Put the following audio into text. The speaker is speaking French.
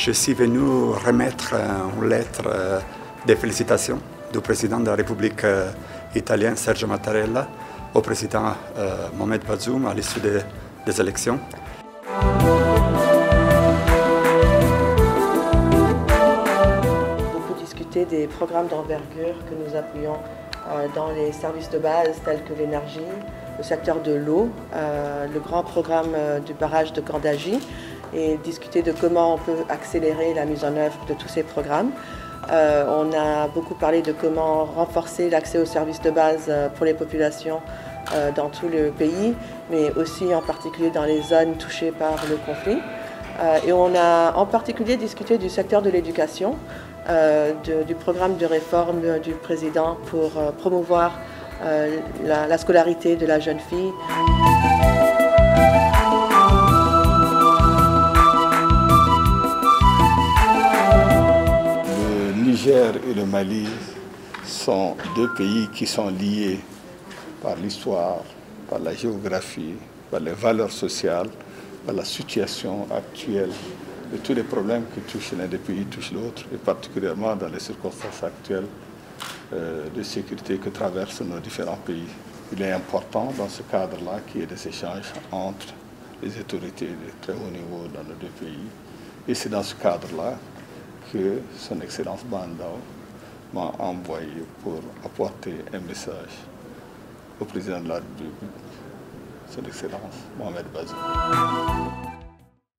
Je suis venu remettre une euh, lettre euh, de félicitations du président de la République euh, italienne Sergio Mattarella au président Mohamed Bazoum à l'issue des, élections. élections. Beaucoup discuter des programmes d'envergure que nous appuyons dans les services de base tels que l'énergie, le secteur de l'eau, le grand programme du barrage de Candagie, et discuter de comment on peut accélérer la mise en œuvre de tous ces programmes. Euh, on a beaucoup parlé de comment renforcer l'accès aux services de base euh, pour les populations euh, dans tout le pays, mais aussi en particulier dans les zones touchées par le conflit. et on a en particulier discuté du secteur de l'éducation, du programme de réforme du président pour promouvoir la scolarité de la jeune fille. Niger et le Mali sont deux pays qui sont liés par l'histoire, par la géographie, par les valeurs sociales, par la situation actuelle de tous les problèmes qui touchent l'un des pays touchent l'autre, et particulièrement dans les circonstances actuelles euh, de sécurité que traversent nos différents pays. Il est important dans ce cadre-là qu'il y ait des échanges entre les autorités de très haut niveau dans nos deux pays. Et c'est dans ce cadre-là que son Excellence Bandao m'a envoyé pour apporter un message au président de la République, son Excellence Mohamed Bazoum.